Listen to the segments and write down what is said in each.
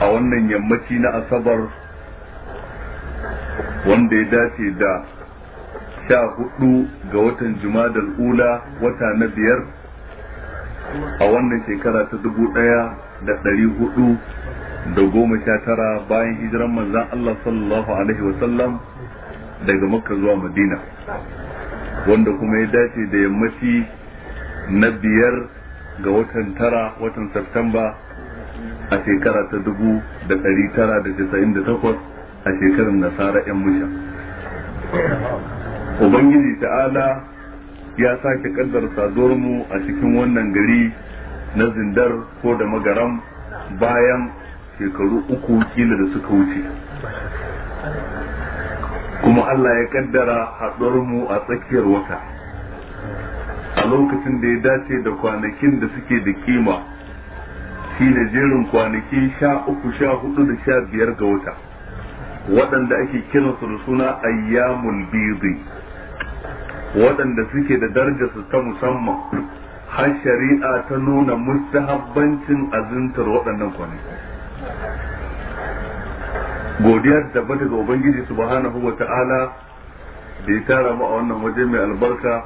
a wannan yammaci na asabar wanda ya dace da sha hudu ga watan jumadal ula wata na biyar a wannan shekara ta dubu daya da dari hudu da goma sha tara bayan hijiran manzan Allah sallallahu alaihi wasallam daga makka zuwa madina wanda kuma ya dace da yammaci na biyar ga watan tara watan Satamba a shekara ta dubu da ɗari tara da casa'in da takwas a shekarar nasara 'yan musha ubangiji ta'ala ya sake kaddar saduwar mu a cikin wannan gari na zindar ko da magaram bayan shekaru uku kila da suka wuce kuma Allah ya ƙaddara haɗuwar mu a tsakiyar wata a lokacin da ya dace da kwanakin da suke da kima da jerin kwanaki sha uku sha hudu da sha biyar ga wata waɗanda ake kiransu da suna ayyamul bibi waɗanda suke da darajarsu ta musamman har shari'a ta nuna mustahabbancin azuntar waɗannan kwanaki godiya ta tabbata ga ubangiji subhanahu wa ta'ala da ya tara mu a wannan waje mai albarka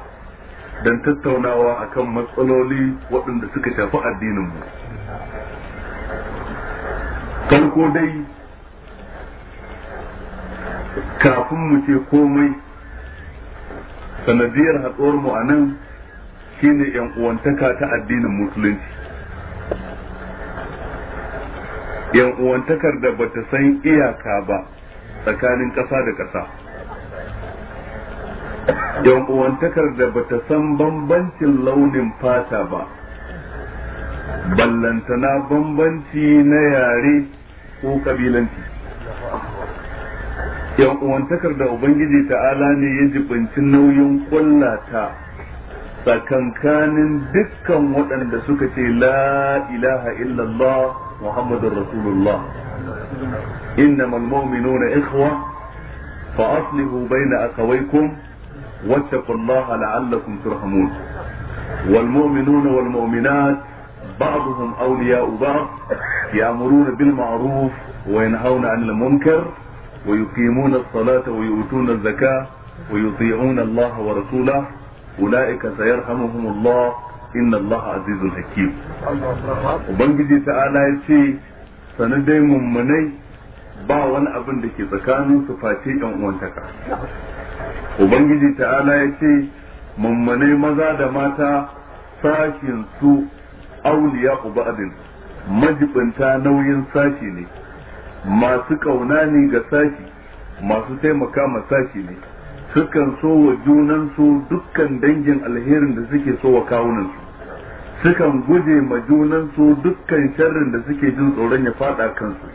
don tattaunawa akan matsaloli waɗanda suka shafi addinin mu farko dai kafin mu ce komai sanadiyar haɗuwar mu a nan shine yan uwantaka ta addinin musulunci yan uwantakar da bata san iyaka ba tsakanin ƙasa da ƙasa yan uwantakar da bata san bambancin launin fata ba ballantana bambanci na yare ko kabilanci yan uwantakar da ubangiji ta'ala ne ya jibinci nauyin kullata tsakankanin dukkan waɗanda suka ce la ilaha illallah muhammadur rasulullah إنما المؤمنون إخوة فأصلحوا بين أخويكم واتقوا الله لعلكم ترحمون والمؤمنون والمؤمنات بعضهم أولياء بعض يأمرون بالمعروف وينهون عن المنكر ويقيمون الصلاة ويؤتون الزكاة ويطيعون الله ورسوله أولئك سيرحمهم الله إن الله عزيز حكيم وبنجي تعالى يسي sanadai mummunai ba wani abin da ke tsakanin su face yan uwantaka ubangiji ta'ala ya ce mummunai maza da mata sashin su auliya ba'din majibinta nauyin sashi ne masu kauna ne ga sashi masu taimaka ma sashi ne sukan so wa junan su dukkan dangin alherin da suke so wa kawunan su sukan guje ma junan su dukkan sharrin da suke jin tsoron ya fada kansu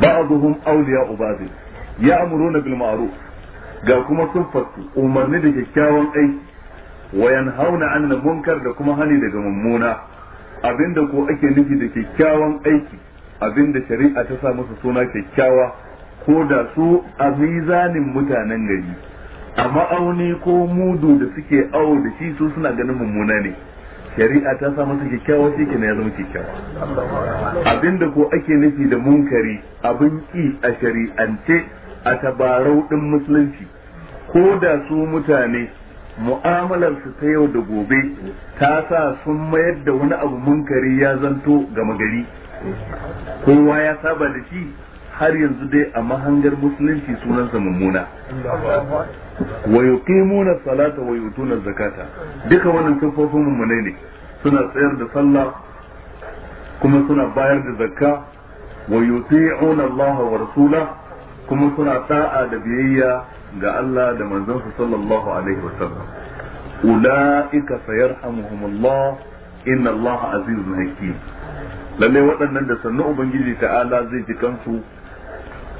ba'dhum awliya ba'd ya'muruna bil ma'ruf ga kuma sun umarni da kyakkyawan aiki hauna an 'anil munkar da kuma hani daga mummuna abinda ko ake nufi da kyakkyawan aiki abinda shari'a ta sa masa suna kyakkyawa ko da su a mizanin mutanen gari a ma'auni ko mudu da suke awo da shi su suna ganin mummuna ne shari'a ta sa musu kyakkyawa shi kenan ya zama kyakkyawa abinda ko ake nufi da munkari abin ki a shari'ance a tabarau din musulunci ko da su mutane mu'amalarsu ta yau da gobe ta sa sun mayar da wani abu munkari ya zanto gama gari kowa ya saba da shi har yanzu dai a mahangar musulunci sunansa mummuna wa yuqimuna salata wa yutuna zakata duka wannan kafofin mu ne suna tsayar da sallah kuma suna bayar da zakka wa yuti'una Allah wa rasula kuma suna ta'a da biyayya ga Allah da manzansa sallallahu alaihi wa wasallam ulaika sayarhamuhumullah inna Allah azizun hakim lalle waɗannan da sannu ubangiji ta'ala zai ji kansu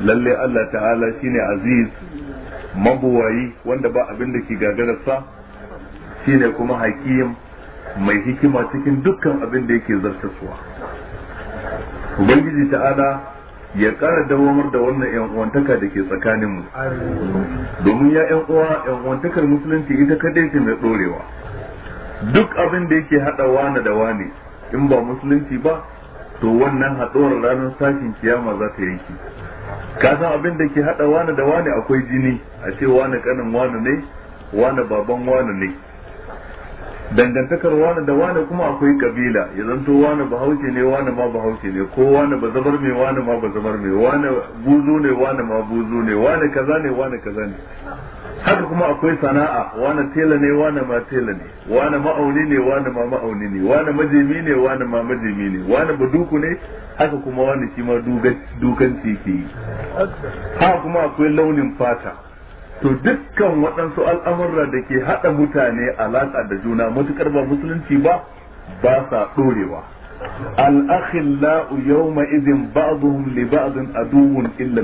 lalle Allah ta'ala shine aziz mabuwayi wanda ba abin da ke gagararsa shine kuma hakim mai hikima cikin dukkan abin da yake zartaswa ubangiji ta'ala ya ƙara dawamar da wannan yan uwantaka da ke tsakanin mu domin ya yan uwa yan uwantakar musulunci ita kaɗai ce mai dorewa duk abin da yake hada wani da wani in ba musulunci ba to wannan haɗuwar ranar sashin kiyama za ta yanki ka san abin da ke hada wani da wani akwai jini a ce wani kanin wani ne wani baban wani ne dangantakar wani da wani kuma akwai kabila ya zanto wani bahaushe ne wani ma bahaushe ne ko wani ba zabar mai wani ma ba zabar mai wani buzu ne wani ma buzu ne wani kaza ne wani kaza ne haka kuma akwai sana'a wani tela ne wani ma tela ne wani ma'auni ne wani ma ma'auni ne wani majimi ne wani ma majimi ne wani baduku ne haka kuma wani shi ma dukanci ke yi haka kuma akwai launin fata to dukkan waɗansu al'amurra da ke haɗa mutane alaƙa da juna matukar ba musulunci ba ba sa ɗorewa al'akhillau yawma idin ba'dhum li ba'din aduwwun illa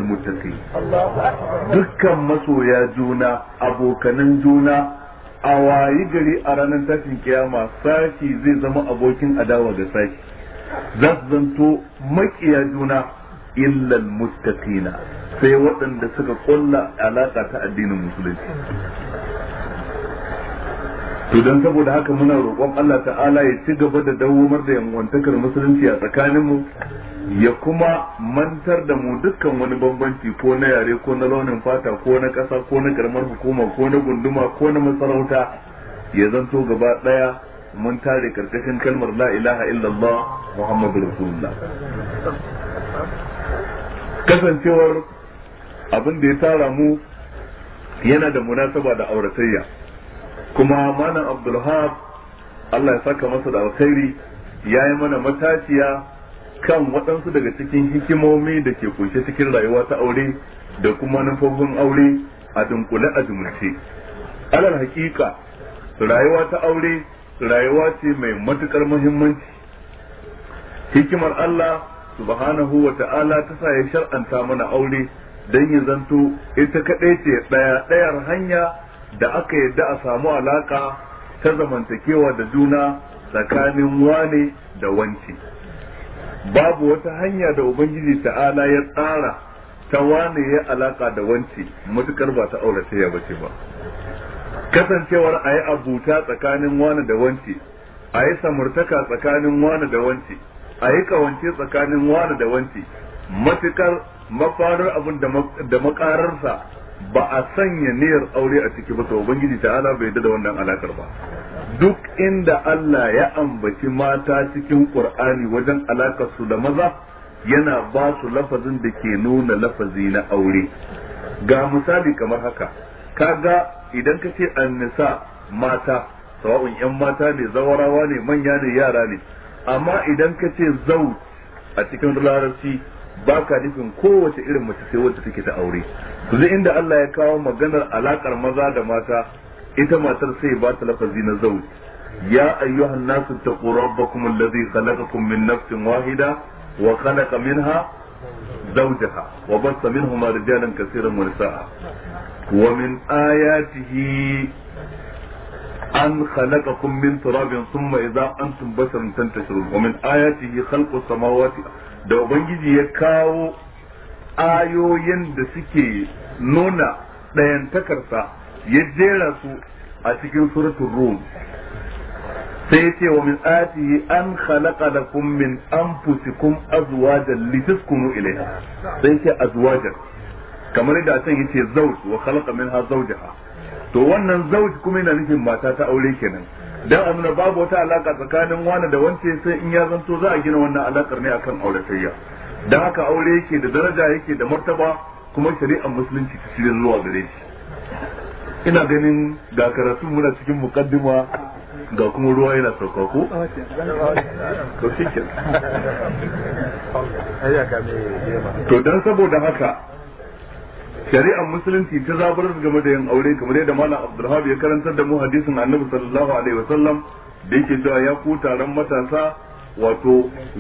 al dukkan masoya juna abokanan juna a wayi gari a ranar tashin kiyama sashi zai zama abokin adawa ga sashi Zasu zanto makiya juna illa almuttaqina sai waɗanda suka kulla alaka ta addinin musulunci to dan saboda haka muna roƙon Allah ta'ala ya ci gaba da dawomar da yanwantakar musulunci a tsakaninmu ya kuma mantar da mu dukkan wani bambanci ko na yare ko na launin fata ko na ƙasa ko na karamar hukuma ko na gunduma ko na masarauta ya zanto gaba ɗaya mun tare karkashin kalmar la ilaha illallah muhammadu rasulullah kasancewar abin da ya tara mu yana da munasaba da auratayya kuma malam abdulhab Allah ya saka masa da alkhairi ya yi mana matashiya kan waɗansu daga cikin hikimomi da ke kunshe cikin rayuwa ta aure da kuma nufofin aure a dunkule a jumlace alal hakika rayuwa ta aure rayuwa ce mai matukar muhimmanci hikimar Allah subhanahu wa ta'ala ta sa ya shar'anta mana aure dan ya zanto ita kadai ce daya dayar hanya da aka yadda a samu alaka ta zamantakewa da juna tsakanin wane da wanci babu wata hanya da ubangiji ta'ala ya tsara ta wane ya alaka da wanci matukar ba ta aure auratayya ba ce ba kasancewar a yi abuta tsakanin wane da wanci a yi samurtaka tsakanin wane da wanci a yi kawance tsakanin wani da wanci matukar mafarar abin da makararsa ba a sanya niyyar aure a ciki ba to ta ta'ala bai da wannan alakar ba duk inda Allah ya ambaci mata cikin Kur'ani wajen alakar da maza yana ba su lafazin da ke nuna lafazi na aure ga misali kamar haka kaga idan ka ce annisa mata sawa'un yan mata ne zawarawa ne manya ne yara ne amma idan ka ce zau a cikin larabci ba ka nufin kowace irin mace sai wacce take ta aure to zai inda Allah ya kawo maganar alakar maza da mata ita matar sai ba ta lafazi na zau ya ayyuhan nasu taqu rabbakum alladhi khalaqakum min nafsin wahida wa khalaqa minha zawjaha wa bassa minhuma rijalan kaseeran wa nisaa wa min ayatihi an khalaqakum min turabin thumma idza antum basharun tantashirun wa min ayatihi khalqu samawati da ubangiji ya kawo ayoyin da suke nuna ɗayantakarsa ya jera su a cikin suratul rum sai ce wa min ayatihi an khalaqa lakum min anfusikum azwajan litaskunu ilayha sai ce azwajan kamar da can yace zawj wa khalaqa minha zawjaha to wannan zauji kuma yana nufin mata ta aure kenan dan a babu wata alaka tsakanin wani da wance sai in ya zanto za a gina wannan alakar ne akan auratayya dan haka aure yake da daraja yake da martaba kuma shari'ar musulunci ta cire zuwa gare shi ina ganin ga karatu muna cikin mukaddima ga kuma ruwa yana sauka ko to to dan saboda haka shari'ar musulunci ta zabar game da yin aure kamar yadda malam abdulhab ya karantar da mu hadisin annabi sallallahu alaihi wasallam da yake cewa ya ku taron matasa wato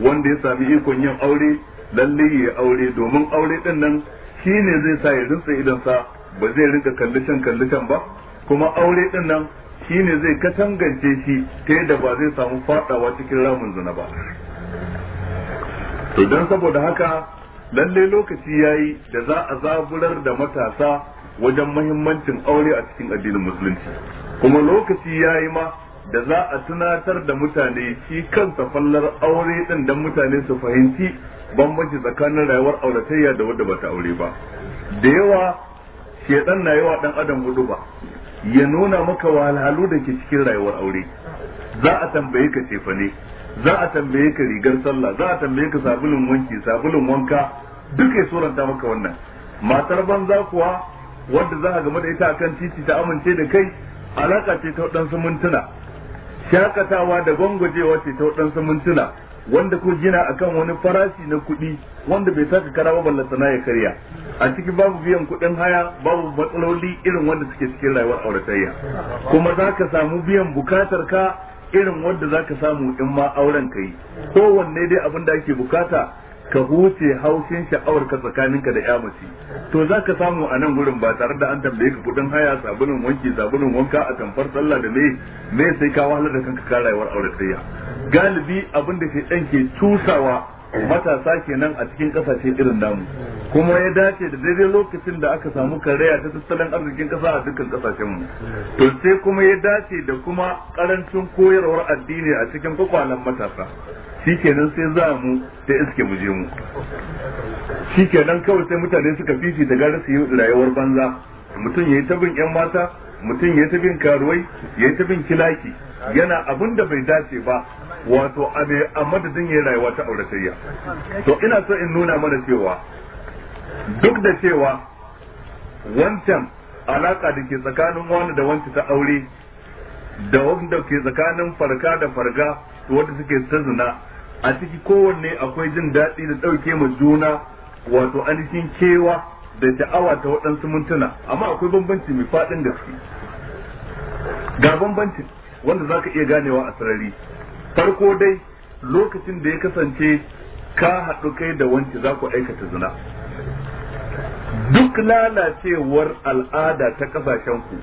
wanda ya sami ikon yin aure lalle ya aure domin aure din nan shine zai sa ya rinsa idan sa ba zai rinka kallishan kallishan ba kuma aure din nan shine zai katangance shi ta yadda ba zai samu fadawa cikin ramin zina ba to dan saboda haka Lallai lokaci yayi da za a zaburar da matasa wajen mahimmancin aure a cikin addinin musulunci kuma lokaci yayi ma da za a tunatar da mutane shi kansa fallar aure din dan mutane su fahimci bambanci tsakanin rayuwar auratayya da wadda bata aure ba da yawa shedan na yawa dan adam hudu ba ya nuna maka wahalhalu da ke cikin rayuwar aure za a tambaye ka ne. za a tambaye ka rigar sallah za a tambaye ka sabulun wanki sabulun wanka duka ya suranta maka wannan matar banza kuwa wadda za a game da ita akan titi ta amince da kai alaka ce ta waɗansu mintuna shakatawa da gwangwajewa ce ta waɗansu mintuna wanda ko gina akan wani farashi na kuɗi wanda bai saka kara ba ballantana ya karya a ciki babu biyan kuɗin haya babu matsaloli irin wanda suke cikin rayuwar auratayya kuma za ka samu biyan bukatar ka irin wanda zaka samu in ma auren kai kowanne dai abin da ake bukata ka huce haushin sha'awar ka tsakaninka da ya mace to zaka samu a nan gurin ba tare da an tambaye ka kudin haya sabulun wanki sabulun wanka a tamfar sallah da me me sai ka wahalar da kanka ka rayuwar auratayya galibi abin da ke dan ke tusawa. matasa kenan a cikin kasashe irin namu kuma ya dace da daidai lokacin da aka samu karaya ta tattalin arzikin kasa a dukkan kasashen mu to sai kuma ya dace da kuma karancin koyarwar addini a cikin kwakwalan matasa shikenan sai za mu ta iske mu je mu shikenan kawai sai mutane suka fifi da gara su yi rayuwar banza mutum ya yi ta yan mata mutum ya yi ta karuwai ya yi ta kilaki yana abin da bai dace ba wato a madadin ya rayuwa ta auratayya to ina so in nuna mana cewa duk da cewa wancan alaka da ke tsakanin wani da wancan ta aure da wanda ke tsakanin farka da farga wanda suke a ciki kowanne akwai jin daɗi da ɗauke ma juna wato ainihin kewa da sha'awa ta waɗansu mintuna amma akwai bambanci mai faɗin gaske ga bambancin wanda za ka iya ganewa a sarari farko dai lokacin da ya kasance ka haɗu kai da wanki za ku aikata zina duk lalacewar al'ada ta kasashen ku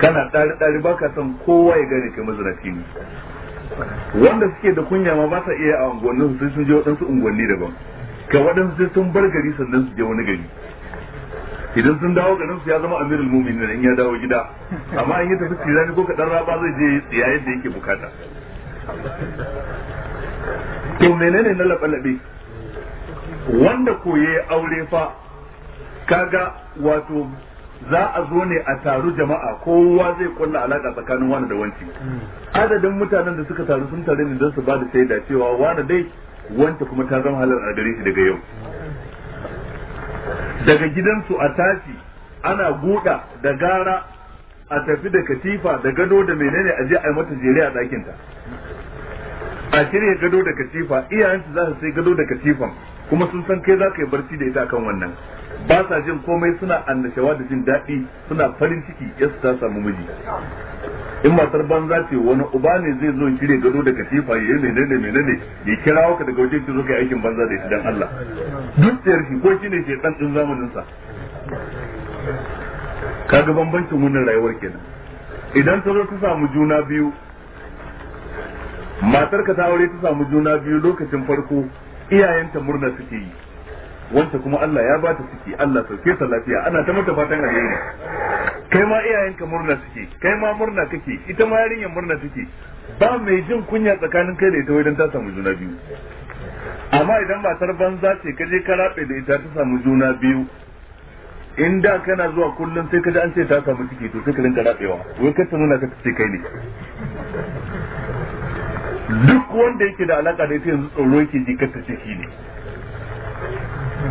kana ɗari ɗari ka san kowa ya gane kai mazinaci ne wanda suke da kunya ma ba sa iya a unguwannin sun je waɗansu unguwanni daban ka waɗansu sun bar gari sannan su je wani gari idan sun dawo ga ya zama amirul mu'minin in ya dawo gida amma in ya tafi tirani ko kadan raba zai je tsiya yadda yake bukata to menene na labalabe wanda koye aure fa kaga wato za a zo ne a taru jama'a kowa zai kulla alaka tsakanin wani da wanci adadin mutanen da suka taru sun taru ne don su ba da shaida cewa wani dai wanta kuma ta zama halar a gare shi daga yau daga gidansu a tashi ana guda da gara a tafi da katifa da gado da menene a je a yi mata jere a ɗakinta a shirya gado da katifa iyayensu za su sai gado da katifan kuma sun san kai za ka yi barci da ita akan wannan ba sa jin komai suna annashawa da jin daɗi suna farin ciki yasu ta samu miji in matar banza ce wani uba ne zai zo shirya gado da katifa ya ne ne ne ne ya kira waka daga waje ki zo kai aikin banza da idan Allah duk tsayar shi ko shine ke dan din zamanin sa kaga bambancin wannan rayuwar kenan idan ta zo ta samu juna biyu matar ka ta aure ta samu juna biyu lokacin farko iyayenta murna suke yi wanda kuma Allah ya bata suke Allah sauke ta lafiya ana ta mata fatan alheri kai ma iyayenka murna suke kai ma murna kake ita ma yarinya murna suke? ba mai jin kunya tsakanin kai da ita wajen ta samu juna biyu amma idan matar banza ce ka je ka rabe da ita ta samu juna biyu in da kana zuwa kullum sai ka ji an ce ta samu ciki to sai ka rinka rabewa wai ka ta nuna ka ce kai ne duk wanda yake da alaka da ita yanzu tsoro yake ji ta ciki shi ne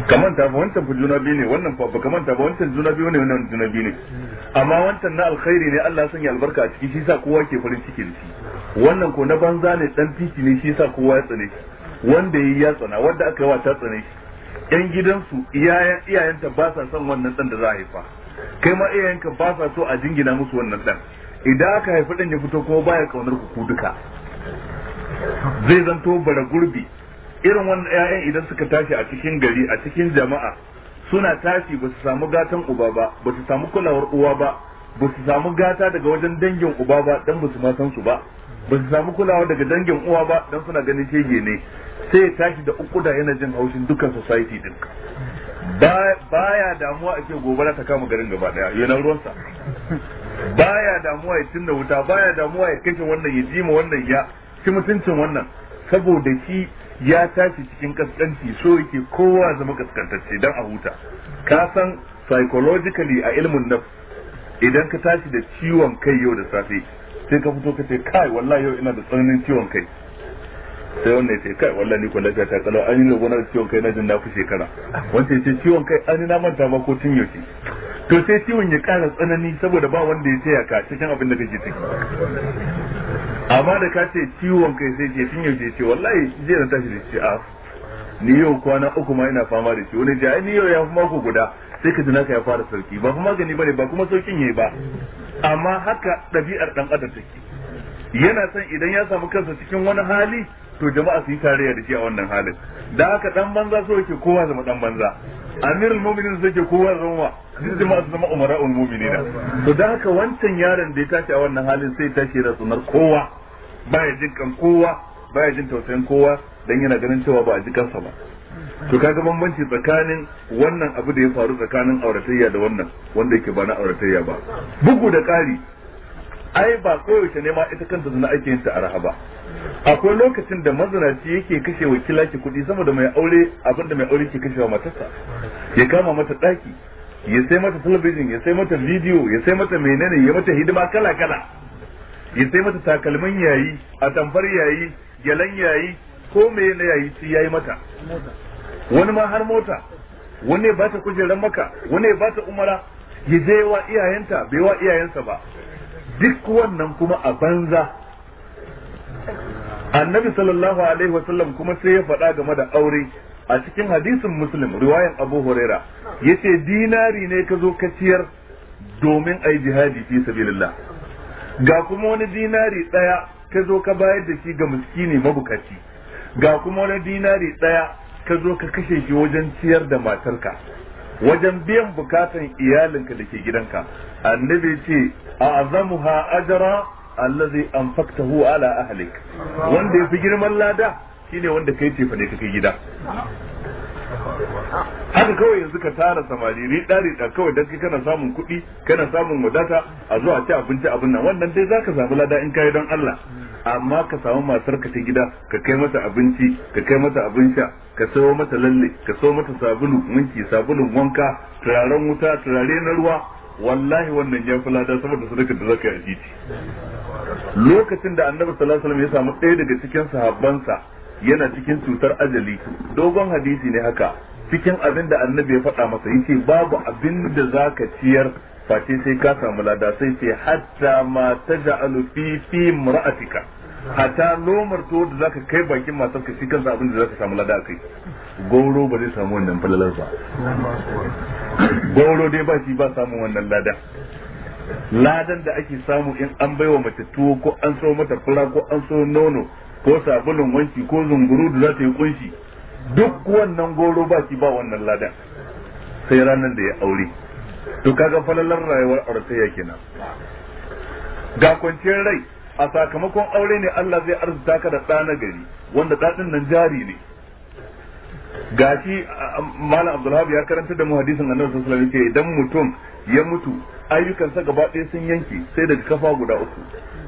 kamar ba wancan fa juna biyu ne wannan fa kamanta ba wancan juna biyu ne wannan juna biyu ne amma wancan na alkhairi ne Allah sanya albarka a ciki shi sa kowa ke farin ciki da shi wannan ko na banza ne dan titi ne shi sa kowa ya tsane shi wanda yayi ya tsana wanda aka yi wa ta tsane shi yan gidansu iyayen iyayenta ba sa son wannan dan da za a haifa kai ma iyayenka ba sa so a jingina musu wannan dan idan aka haifi dan ya fito ko baya kaunar ku duka zai zanto bara gurbi irin wannan ƴaƴan idan suka tashi a cikin gari a cikin jama'a suna tashi ba su samu gatan uba ba ba su samu kulawar uwa ba ba su samu gata daga wajen dangin uba ba dan ba su ma san su ba ba su samu kulawa daga dangin uwa ba dan suna ganin shege ne sai ya tashi da uku da yana jin haushin dukkan society din baya damuwa ake gobara ta kama garin gaba daya yana ruwansa baya damuwa ya cinna wuta baya damuwa ya kashe wannan ya jima wannan ya shi mutuncin wannan saboda shi ya tashi cikin kaskanci so yake kowa zama kaskantacce dan a huta ka san psychologically a ilmin nafs idan ka tashi da ciwon kai yau da safe sai ka fito ka ce kai wallahi yau ina da tsananin ciwon kai sai wannan ce kai wallahi ni ko lafiya ta kalau an yi ne gonar ciwon kai na jin na fi shekara wancan ce ciwon kai an na manta ba ko tun yaushe to sai ciwon ya kara tsanani saboda ba wanda ya ya ka cikin abin da kake ciki amma da ka ce ciwon kai sai ke tun yaushe ce wallahi je na tashi da ce a ah, ni yau kwana uku ma ina fama da shi wani ji ni yau ya fi mako guda sai ka tunaka ya fara sarki ba kuma magani bane ba kuma saukin yayi ba amma haka ɗabi'ar dan adam take yana son idan ya samu kansa cikin wani hali to jama'a su yi tarayya da shi a wannan halin da haka dan banza so yake kowa zama dan banza amirul mu'minin su yake kowa zama wa duk jama'a su zama umara'ul mu'minina to da haka wancan yaron da ya tashi a wannan halin sai tashi da sunar kowa baya jin kan kowa baya jin tausayin kowa dan yana ganin cewa ba a ji kansa ba to kaga bambanci tsakanin wannan abu da ya faru tsakanin auratayya da wannan wanda yake ba na auratayya ba bugu da ƙari ai ba koyaushe ne ma ita kanta zina ake yin ta a ba. akwai lokacin da mazinaci yake kashe wa kilaki kuɗi sama da mai aure abin da mai aure ke kashewa matarsa ya kama mata ɗaki ya sai mata talabijin ya sai mata bidiyo ya sai mata menene ya mata hidima kala kala ya sai mata takalman yayi a tamfar yayi gyalan yayi ko me na yayi sai yayi mata wani ma har mota wani ba ta kujerar maka wani ba ta umara ya je wa iyayenta bai wa iyayensa ba duk wannan kuma a banza annabi sallallahu alaihi wasallam kuma sai ya faɗa game da aure a cikin hadisin muslim riwayan abu huraira yace dinari ne ka zo ka ciyar domin ai jihadi fi sabilillah ga kuma wani dinari ɗaya ka zo ka bayar da shi ga miskini mabukaci ga kuma wani dinari ɗaya ka zo ka kashe shi wajen ciyar da matarka wajen biyan bukatan iyalinka da ke gidanka annabi ce a azamuha ajara allazi anfaktahu ala ahlik wanda yafi girman lada shine wanda kai tefa ne kake gida haka kawai yanzu ka tara samari dari da kawai dan kana samun kuɗi kana samun wadata a zuwa ci abinci abin nan wannan dai zaka samu lada in kai don Allah amma ka samu matar ka ta gida ka kai mata abinci ka kai mata abin sha ka sayo mata lalle ka sayo mata sabulu minki sabulun wanka turaren wuta turare na ruwa wallahi wannan ya lada saboda sadakar da zaka yi a titi lokacin da annabi sallallahu alaihi wasallam ya samu ɗaya daga cikin sahabbansa yana cikin cutar ajali dogon hadisi ne haka cikin abin da annabi ya faɗa masa yace babu abin da zaka ciyar face sai ka samu lada sai ce hatta ma taj'alu fi fi mar'atika hatta lomar to da zaka kai bakin matar ka shi kansa abin da zaka samu lada kai gauro ba zai samu wannan falalar ba gauro dai ba shi ba samu wannan lada ladan da ake samu in an baiwa mace tuwo ko an so mata fura ko an so nono ko sabulun wanki ko zunguru da za ta yi kunshi duk wannan goro ba shi ba wannan ladan sai ranar da ya aure to kaga falalar rayuwar aurataya kenan ga kwanciyar rai a sakamakon aure ne Allah zai arzuta ka da ɗa na gari wanda ɗaɗin nan jari ne Ga shi malam abdulhab ya karanta da mu hadisin annabi sallallahu alaihi wasallam idan mutum ya mutu ayyukansa gaba ɗaya sun yanke sai daga kafa guda uku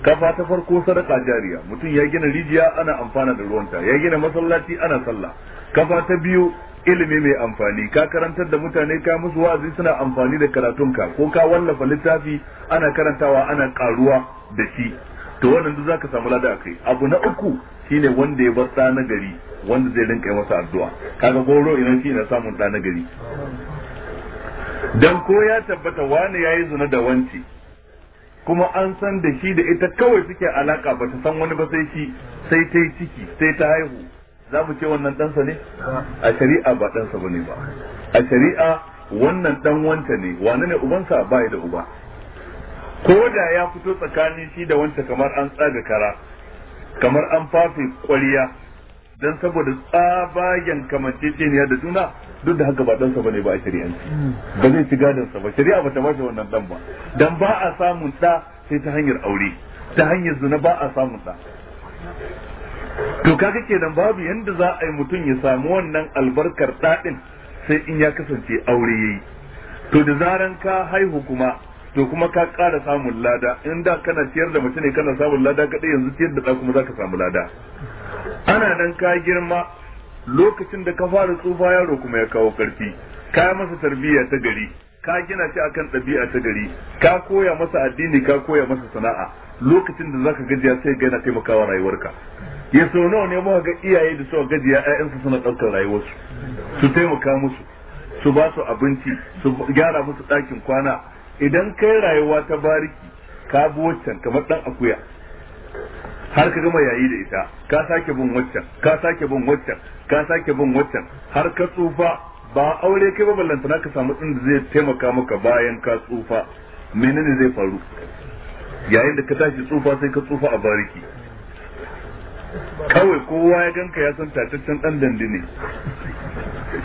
kafa ta farko sadaka jariya mutum ya gina rijiya ana amfana da ruwanta ya gina masallaci ana sallah kafa ta biyu ilimi mai amfani ka karantar da mutane ka musu wa'azi suna amfani da karatunka ko ka wallafa littafi ana karantawa ana karuwa da shi to wannan duk zaka samu lada akai abu na uku shine wanda ya bar da na gari wanda zai rinka yi masa addu'a kaga goro idan shi na samun da na gari dan ko ya tabbata wani yayi zina da wanci kuma an san da shi da ita kawai suke alaka ba ta san wani ba sai shi sai ta yi ciki sai ta haihu za mu ce wannan ɗansa ne a shari'a ba ɗansa ba ne ba a shari'a wannan ɗan wanta ne wane ne ubansa ba da uba ko da ya fito tsakanin shi da wanta kamar an tsaga kara kamar an fafe kwariya dan saboda tsabagen kamanceceniya da juna duk da haka ba ɗansa ne ba a shari'anci ba zai ci gadonsa ba shari'a ba ta bashi wannan dan ba dan ba a samun ɗa sai ta hanyar aure ta hanyar zuna ba a samun ɗa to kaga nan babu yanda za a yi mutum ya samu wannan albarkar ɗaɗin sai in ya kasance aure yayi to da zaran ka haihu kuma to kuma ka ƙara samun lada in da kana ciyar da mace ne kana samun lada kaɗai yanzu ciyar da ɗan kuma za ka samu lada ana nan ka girma lokacin da ka fara tsufa yaro kuma ya kawo ƙarfi ka masa tarbiyya ta gari ka gina shi akan ɗabi'a ta gari ka koya masa addini ka koya masa sana'a lokacin da zaka gajiya sai ga na taimakawa rayuwarka ya sau nawa ne muka ga iyaye da suka gajiya ƴaƴansu suna ɗaukar rayuwarsu su taimaka musu su ba su abinci su gyara musu ɗakin kwana idan kai rayuwa ta bariki ka bi waccan kamar dan akuya har ka gama yayi da ita ka sake bin waccan ka sake bin waccan ka sake bin waccan har ka tsufa ba aure kai ba ballanta ka samu inda zai taimaka maka bayan ka tsufa menene zai faru yayin da ka tashi tsufa sai ka tsufa a bariki kawai kowa ya ganka ya san tataccen dan dandi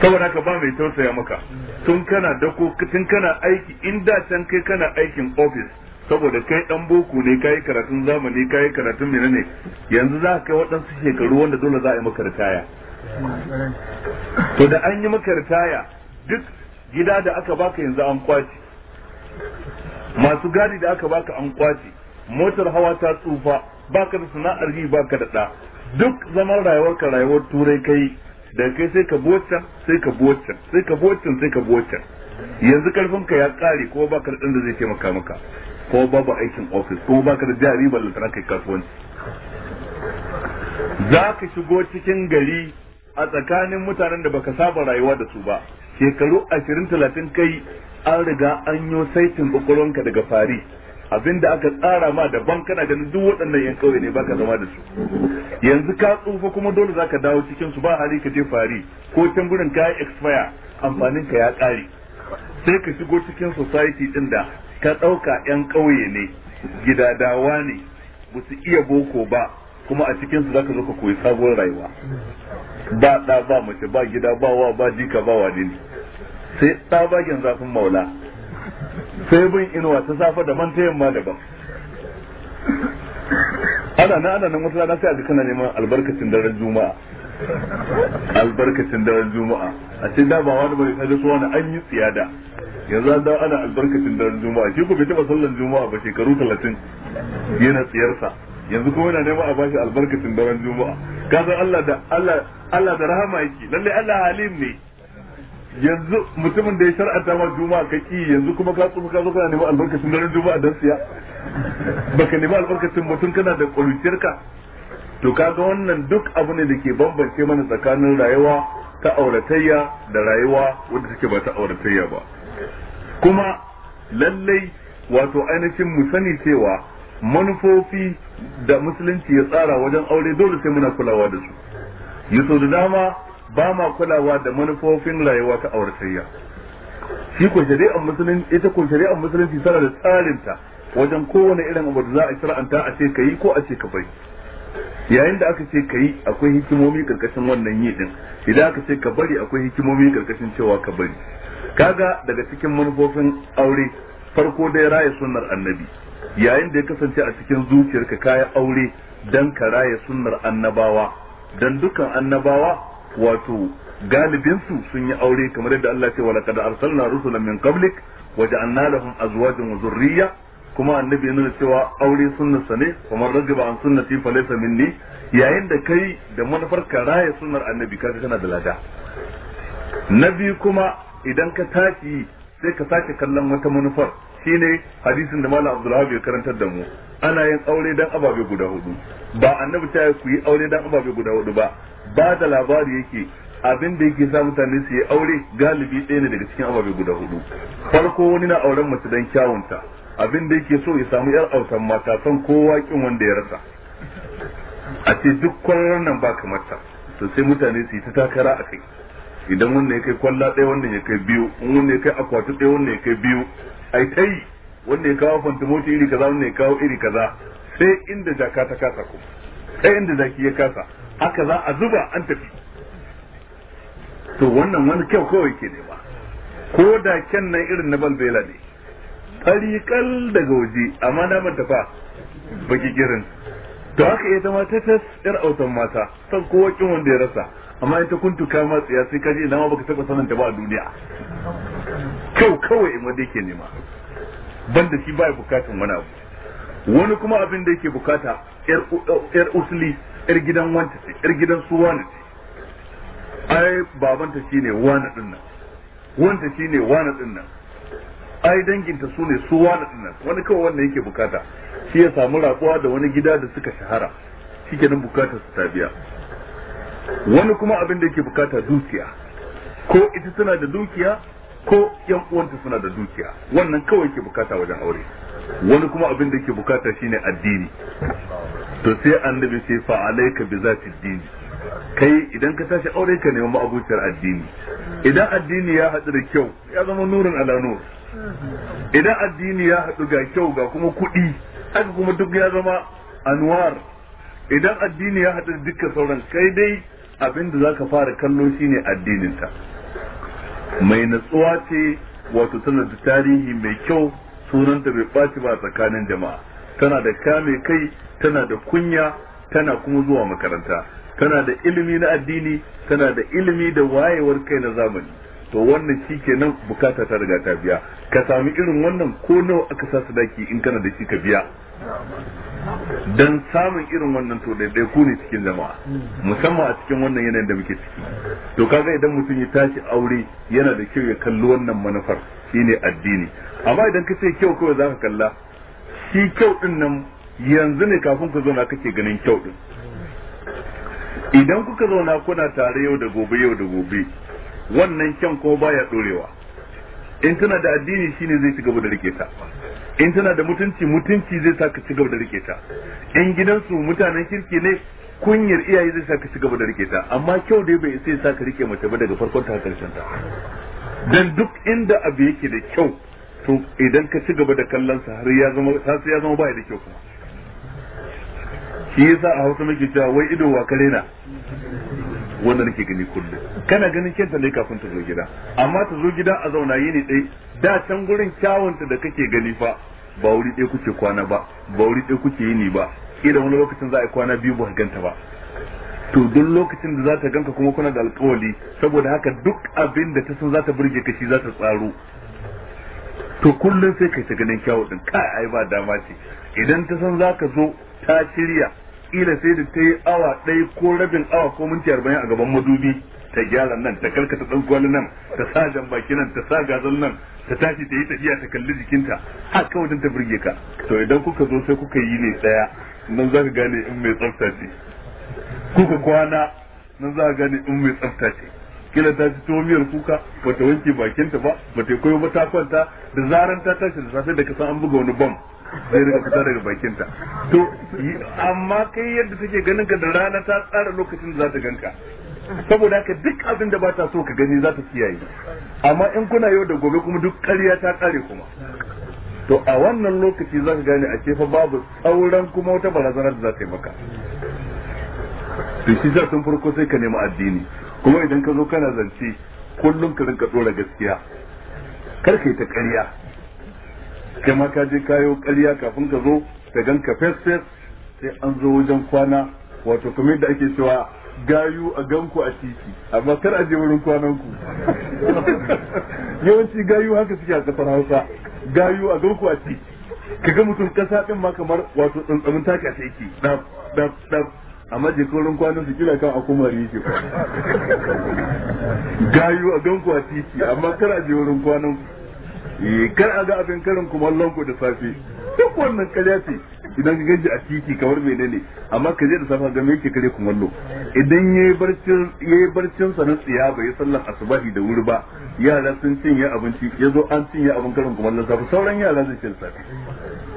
saboda ka ba mai tausaya maka tun kana dako tun kana aiki in da can kai kana aikin office saboda kai dan boko ne kai karatun zamani kai karatun menene yanzu za ka kai waɗansu shekaru wanda dole za a yi maka ritaya to da an yi maka ritaya duk gida da aka baka yanzu an kwace masu gadi da aka baka an kwace motar hawa ta tsufa baka da sana'ar yi baka da da duk zaman rayuwarka rayuwar turai kai da kai sai ka bocca sai ka bocan sai ka bocan sai ka bocan yanzu karfin ka ya kare ko ba ka da zai taimaka maka ko babu aikin office ko ba ka da jari da kai kasuwanci za ka shigo cikin gari a tsakanin mutanen da baka saba rayuwa da su ba shekaru ashirin talatin kai an riga an yo saitin kwakwalwanka daga fari abinda aka tsara ma daban kana ganin duk waɗannan yan kauye ne baka zama da su yanzu ka tsufa kuma dole zaka dawo cikin su ba hali ka je fari ko can gurin ka expire amfanin ka ya ƙare sai ka shigo cikin society din da ka ɗauka yan kauye ne gidadawa ne ba su iya boko ba kuma a cikin su zaka zo ka koyi sabuwar rayuwa ba ɗa ba mace ba gida ba wa ba jika ba wa ne sai ɗabagen zafin maula sai bin inuwa ta safa daban ta yamma daban ana nan ana nan wata rana sai a ji kana neman albarkacin daren juma'a albarkacin daren juma'a a ce da ba wani bai kaje so wani an yi tsiyada yanzu an dawo ana albarkacin daren juma'a shi ko bai taɓa sallan juma'a ba shekaru 30 yana tsiyarsa yanzu kuma yana neman a bashi albarkacin daren juma'a ka san Allah da Allah Allah da rahama yake lallai Allah halim ne yanzu mutumin da ya shar'anta ma juma'a ka ki yanzu kuma ka tsuma ka zo kana neman albarkacin daren juma'a dan siya baka nemi albarkacin mutum kana da ka to kaga wannan duk abu ne da ke bambance mana tsakanin rayuwa ta auratayya da rayuwa wadda take ba ta auratayya ba kuma lallai wato ainihin mu cewa manufofi da musulunci ya tsara wajen aure dole sai muna kulawa da su yaso da dama ba ma kulawa da manufofin rayuwa ta auratayya shi ko shari'ar musulunci ita ko shari'ar musulunci tana da tsarinta wajen kowane irin abu da za a shar'anta a ce kayi ko a ce ka bari yayin da aka ce kayi akwai hikimomi karkashin wannan yi din idan aka ce ka bari akwai hikimomi karkashin cewa ka bari kaga daga cikin manufofin aure farko dai raya sunnar annabi yayin da ya kasance a cikin zuciyarka kaya aure dan ka raya sunnar annabawa dan dukan annabawa wato galibin su sun yi aure kamar yadda Allah ce wala kad arsalna rusulan min qablik wa ja'alna lahum azwajan wa kuma annabi yana cewa aure sunna sane kamar ragiba an sunnati fa laysa minni yayin da kai da manufar ka raya sunnar annabi kaga kana da lada nabi kuma idan ka tashi sai ka sake kallon wata manufar shine hadisin da malam abdullahi ya karantar da mu ana yin aure dan ababe guda hudu ba annabi ta ku yi aure dan ababe guda hudu ba ba da labari yake abin da yake sa mutane su yi aure galibi ɗaya ne daga cikin ababe guda hudu farko wani na auren mace dan kyawunta abin da yake so ya samu yar autan mata san kowa kin wanda ya rasa a ce duk kwararar nan ba kamar ta to mutane su yi ta takara a kai idan wanda ya kai kwalla ɗaya wanda ya kai biyu in wanda ya kai akwati ɗaya wanda ya kai biyu ai ta yi wannan ya kawo fantimoti iri kaza wanda ya kawo iri kaza sai inda jaka ta kasa ku sai inda zaki ya kasa haka za a zuba an tafi to wannan wani kyau kawai ke ne ba ko da kyan nan irin na balbela ne tarikal daga waje amma na manta fa baki kirin to haka ita ma ta tas yar autan mata san kowa kin wanda ya rasa amma in ta kuntu ka ma tsiya sai kaji ji idan baka taba sanin ta ba a duniya kyau kawai in wanda yake nema banda shi baya bukatun wani abu wani kuma abin da yake bukata yar usuli yar gidan wanta ce yar gidan su wani ce ai babanta shine wani din nan wanta shine wani din nan ai danginta su ne su wani din nan wani kawai wanda yake bukata shi ya samu rakuwa da wani gida da suka shahara shikenan bukatar su ta biya wani kuma abin da yake bukata dukiya ko ita suna da dukiya ko yan uwanta suna da dukiya wannan kawai ke bukata wajen aure wani kuma abin da ke bukata shine addini to sai annabi sai fa alayka bi zati dini kai idan ka tashi aure ka nemi ma'abuciyar addini idan addini ya haɗu da kyau ya zama nurin ala nur idan addini ya haɗu ga kyau ga kuma kuɗi aka kuma duk ya zama anwar idan addini ya haɗu da dukkan sauran kai dai abinda ka fara kallo shine addininta mai natsuwa ce wato tana da tarihi mai kyau sunanta bai ɓaci ba tsakanin jama'a tana da kame kai tana da kunya tana kuma zuwa makaranta tana da ilimi na addini tana da ilimi da wayewar kai na zamani to wannan shi kenan bukata ta riga ta biya ka sami irin wannan ko nawa aka sa sadaki in kana da shi ka biya dan samun irin wannan to dai ku ne cikin jama'a musamman a cikin wannan yanayin da muke ciki to kaga idan mutum ya tashi aure yana da kyau ya kalli wannan manufar shine addini amma idan ka ce kyau kawai zaka kalla shi kyau din nan yanzu ne kafin ku zauna kake ganin kyau din idan kuka zauna kuna tare yau da gobe yau da gobe wannan kyan ko baya dorewa in tana da addini shine zai ci da rike ta in tana da mutunci mutunci zai sa ka ci da rike ta in gidansu mutanen kirki ne kunyar iyaye zai sa ka ci da rike ta amma kyau dai bai sai sa ka rike mace ba daga farkon ta karshen ta dan duk inda abu yake da kyau to idan ka cigaba gaba da kallon sa har ya zama har ya zama bai da kyau kuma shi yasa a Hausa muke cewa wai ido wa kare na wanda nake gani kullum kana ganin kenta ne kafin ta zo gida amma ta zo gida a zauna yini dai da can gurin kyawunta da kake gani fa ba wuri ɗaya kuke kwana ba ba wuri ɗaya kuke yini ba idan wani lokacin za a yi kwana biyu ba ganta ba to duk lokacin da za ta ganka kuma kuna da alkawali saboda haka duk abin da ta san za ta burge ka shi za ta tsaro to kullum sai kai ta ganin kyawu din kai ai ba dama ce idan ta san za ka zo ta shirya kila sai da ta yi awa ɗaya ko rabin awa ko minti arba'in a gaban madubi ta gyara nan ta karkata dan gwalin nan ta sa jan baki nan ta sa gazan nan ta tashi ta yi tafiya ta kalli jikinta har wajen ta burge ka to idan kuka zo sai kuka yi ne daya nan za ka gane in mai tsafta ce kuka kwana nan za ka gane in mai tsafta ce kila ta ci tomiyar kuka bata wanke bakinta ba bata koyo ba ta kwanta da zaran ta tashi da safe da kasan an buga wani bom zai rika fita daga bakinta to amma kai yadda take ganin ka da rana ta tsara lokacin da za ta ganka saboda haka duk abin da bata so ka gani za ta kiyaye amma in kuna yau da gobe kuma duk ƙarya ta ƙare kuma to a wannan lokaci za ka gane a ce babu tsauran kuma wata barazanar da za ta yi maka za tun farko sai ka nemi addini kuma idan ka zo kana zance kullum ka rinka dora gaskiya kar ka yi ta ƙarya kai ma ka je kayo ƙarya kafin ka zo ka gan ka fes sai an zo wajen kwana wato kamar yadda ake cewa gayu a ganku a titi amma kar a je wurin kwanan ku yawanci gayu haka suke a kasar Hausa gayu a ganku a titi kaga mutum kasa din ma kamar wato tsantsamin taki a titi dab dab dab amma je wurin kwanan su kira kan akuma yake gayu a ganku a titi amma kar a je wurin kwanan ku Eh, kar a ga abin karin kumallon ku da safe duk wannan karya ce idan ka gaji a titi kamar mai ne amma ka je da safa ga yake kare kumallo idan yayi barcin yayi barcin sa na tsiya bai sallan asubahi da wuri ba yara sun cinye abinci yazo an cinye abin karin kumallon safe sauran yara zai cin safe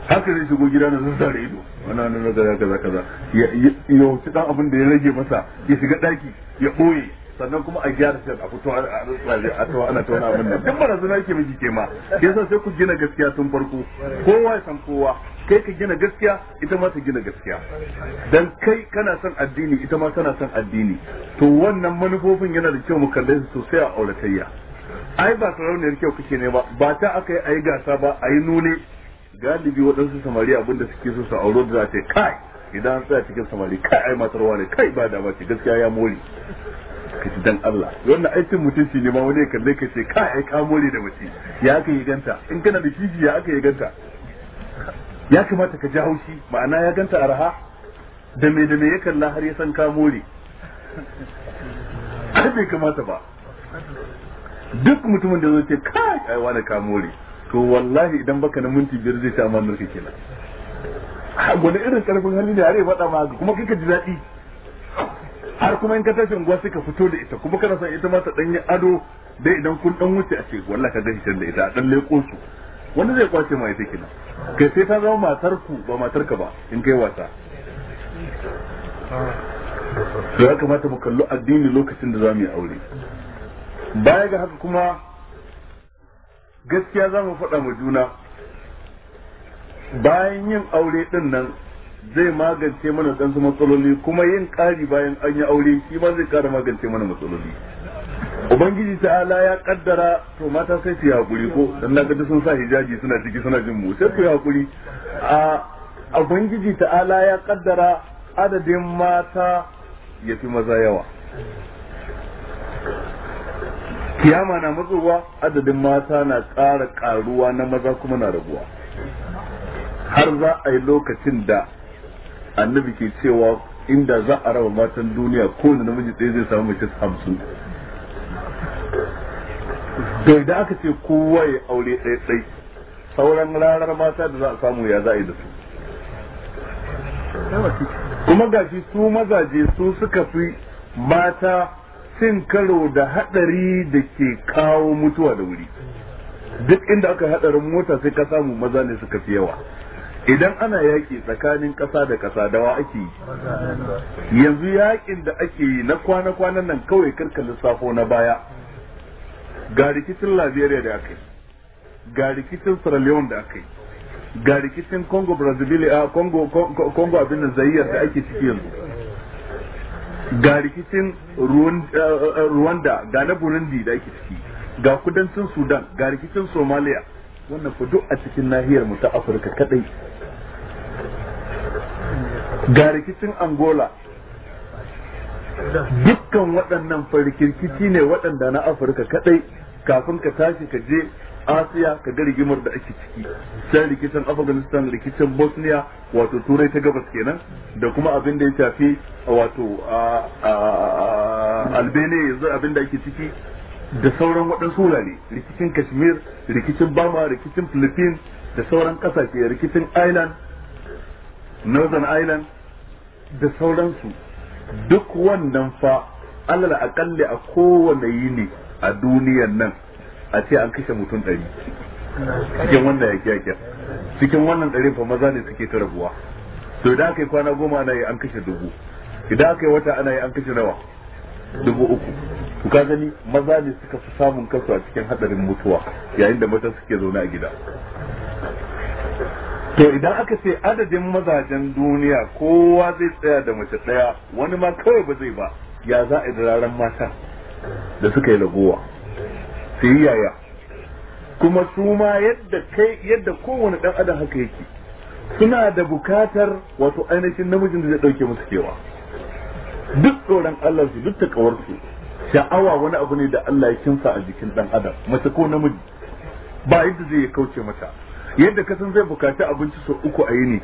haka zai shigo gida na zan sa ido wannan nan kaza kaza kaza ya ya dan abin da ya rage masa ya shiga daki ya boye sannan kuma a gyara shi a fito a tawa ana tauna abin nan duk mara zuna yake miki ma. yasa sai ku gina gaskiya tun farko kowa ya san kowa kai ka gina gaskiya ita ma ta gina gaskiya dan kai kana son addini ita ma kana son addini to wannan manufofin yana da kyau mu kalle su sosai a auratayya ai ba rauniyar kyau kake ne ba ba ta aka yi a yi gasa ba a yi nune galibi waɗansu samari abinda suke so su auro da za ta kai idan an tsaya cikin samari kai ai matarwa ne kai ba da ba ce gaskiya ya mori. ka ci dan Allah wannan aikin mutunci ne ma wani kalle ka ce ka ai ka more da mace ya aka yi ganta in kana da kishi ya aka yi ganta ya kamata ka ji haushi ma'ana ya ganta arha da me da me ya kalla har ya san ka more ai bai kamata ba duk mutumin da zai ce kai ai wani ka more to wallahi idan baka na minti biyar zai ta amanar ka kenan wani irin karfin hali ne har ya faɗa ma kuma kika ji daɗi har kuma in ka tashi unguwa sai ka fito da ita kuma kana son ita ma ta danyi ado dai idan kun dan wuce a ce wallahi ka gani da ita a dan leko su wanda zai kwace ma ita kina kai sai ta zama matar ku ba matar ka ba in kai wasa to ya kamata mu kallo addini lokacin da zamu yi aure baya ga haka kuma gaskiya zamu mu faɗa mu juna bayan yin aure din nan zai magance mana ɗansu matsaloli kuma yin ƙari bayan an yi aure shi ma zai ƙara magance mana matsaloli ubangiji ta'ala ya kaddara to mata sai su haƙuri ko dan na sun sa hijabi suna ciki suna jin mu sai yi haƙuri a ubangiji ta'ala ya kaddara adadin mata ya fi maza yawa kiyama na matsowa adadin mata na ƙara ƙaruwa na maza kuma na rabuwa. har za a yi lokacin da annabi ke cewa inda za a raba matan duniya kowane namiji ɗaya zai samu mace hamsin da idan aka ce kowa ya aure ɗaya ɗai sauran ranar mata da za a samu ya za a yi da su kuma shi su mazaje su suka fi mata cin karo da haɗari da ke kawo mutuwa da wuri duk inda aka hadarin mota sai ka samu maza ne suka fi yawa idan ana yaƙi tsakanin ƙasa da ƙasa dawa ake yi yanzu yaƙin da ake yi na kwana-kwanan nan kawai karka lissafo na baya ga rikicin liberia da aka yi ga rikicin sierra leone da aka yi ga rikicin congo brazzaville a congo congo abin da zayyar da ake ciki yanzu ga rikicin rwanda ga na burundi da ake ciki ga kudancin sudan ga rikicin somalia wannan ku duk a cikin nahiyar mu ta afirka kadai ga rikicin angola dukkan waɗannan farkirkici ne waɗanda na afirka kaɗai kafin ka tashi ka je asiya ka ga rigimar da ake ciki can rikicin afghanistan rikicin bosnia wato turai ta gabas kenan da kuma abin da ya shafi wato albania yanzu abin da ake ciki da sauran waɗansu wurare rikicin kashmir rikicin bama rikicin philippines da sauran ƙasashe rikicin island northern island da sauransu duk wannan fa alal akalli a kowane yini a duniyan nan a ce an kashe mutum ɗari cikin wannan yaki yakin cikin wannan ɗarin fa maza ne suke ta rabuwa to idan aka yi kwana goma ana yi an kashe dubu idan aka yi wata ana yi an kashe nawa dubu uku ku ka gani maza ne suka fi samun kansu a cikin hadarin mutuwa yayin da mata suke zaune a gida to idan aka ce adadin mazajen duniya kowa zai tsaya da mace ɗaya wani ma kawai ba zai ba ya za a yi raran mata da suka yi ragowa su yaya kuma su ma yadda kai yadda kowane ɗan adam haka yake suna da bukatar wato ainihin namijin da zai ɗauke musu kewa duk tsoron Allah su duk ta su sha'awa wani abu ne da Allah ya kinsa a jikin ɗan adam mace ko namiji ba yadda zai kauce mata yadda kasan zai bukaci abinci sau uku a yini